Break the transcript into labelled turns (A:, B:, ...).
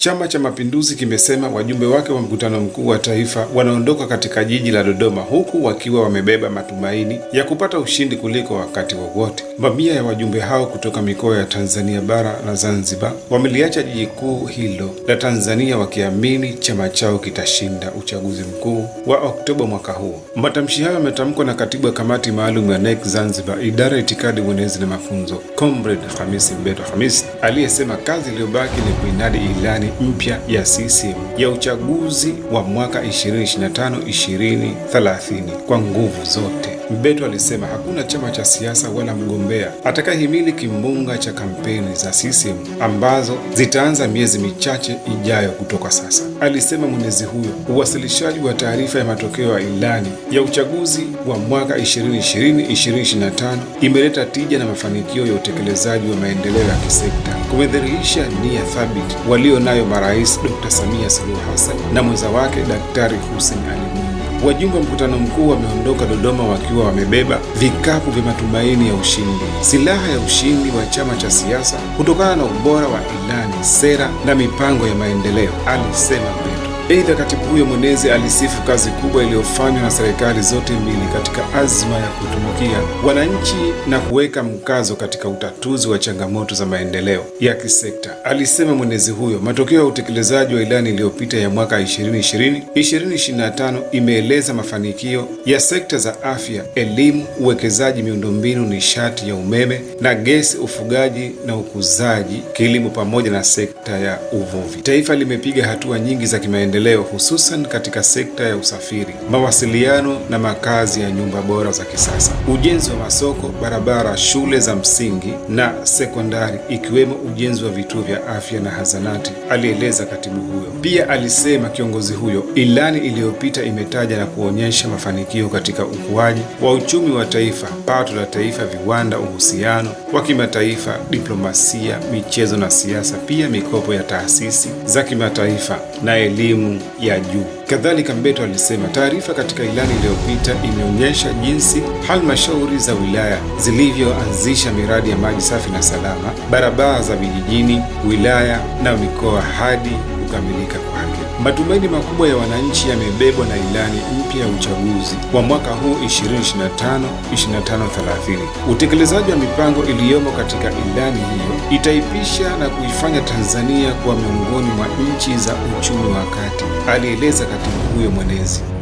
A: Chama cha Mapinduzi kimesema wajumbe wake wa mkutano mkuu wa taifa wanaondoka katika jiji la Dodoma huku wakiwa wamebeba matumaini ya kupata ushindi kuliko wakati wowote. wa mamia ya wajumbe hao kutoka mikoa ya Tanzania bara na Zanzibar wameliacha jiji kuu hilo la Tanzania wakiamini chama chao kitashinda uchaguzi mkuu wa Oktoba mwaka huu. Matamshi hayo yametamkwa na katibu wa kamati maalum ya NEC Zanzibar, idara ya itikadi, mwenezi na mafunzo, Comrade Hamisi Mbeto Hamisi aliyesema kazi iliyobaki ni kuinadi ilani mpya ya CCM ya uchaguzi wa mwaka 2025 2030 kwa nguvu zote. Mbeto alisema hakuna chama cha siasa wala mgombea atakayehimili kimbunga cha kampeni za CCM ambazo zitaanza miezi michache ijayo kutoka sasa alisema mwenezi huyo. Uwasilishaji wa taarifa ya matokeo ya ilani ya uchaguzi wa mwaka 2020-2025 imeleta tija na mafanikio ya utekelezaji wa maendeleo ya kisekta, kumedhihirisha nia thabiti walio nayo marais Dr. Samia Suluhu Hassan na mwenza wake Daktari Hussein Ali Mwinyi. Wajumbe wa mkutano mkuu wameondoka Dodoma wakiwa wamebeba vikapu vya matumaini ya ushindi, silaha ya ushindi wa chama cha siasa kutokana na ubora wa ilani, sera na mipango ya maendeleo, alisema. Aidha, katibu huyo mwenezi alisifu kazi kubwa iliyofanywa na serikali zote mbili katika azma ya kutumikia wananchi na kuweka mkazo katika utatuzi wa changamoto za maendeleo ya kisekta. Alisema mwenezi huyo, matokeo ya utekelezaji wa ilani iliyopita ya mwaka 2020 2025 imeeleza mafanikio ya sekta za afya, elimu, uwekezaji, miundombinu, nishati ya umeme na gesi, ufugaji na ukuzaji, kilimo pamoja na sekta ya uvuvi. Taifa limepiga hatua nyingi za kimaendeleo maendeleo hususan katika sekta ya usafiri, mawasiliano na makazi ya nyumba bora za kisasa, ujenzi wa masoko, barabara, shule za msingi na sekondari, ikiwemo ujenzi wa vituo vya afya na hazanati, alieleza katibu huyo. Pia alisema kiongozi huyo, ilani iliyopita imetaja na kuonyesha mafanikio katika ukuaji wa uchumi wa taifa, pato la taifa, viwanda, uhusiano wa kimataifa, diplomasia, michezo na siasa, pia mikopo ya taasisi za kimataifa na elimu elimu ya juu. Kadhalika, Mbeto alisema taarifa katika ilani iliyopita imeonyesha jinsi halmashauri za wilaya zilivyoanzisha miradi ya maji safi na salama, barabara za vijijini, wilaya na mikoa hadi kukamilika kwake. Matumaini makubwa ya wananchi yamebebwa na ilani mpya ya uchaguzi wa mwaka huu 2025 2030. Utekelezaji wa mipango iliyomo katika ilani hiyo itaipisha na kuifanya Tanzania kuwa miongoni mwa nchi za uchumi wa kati, alieleza wakati huyo mwenezi.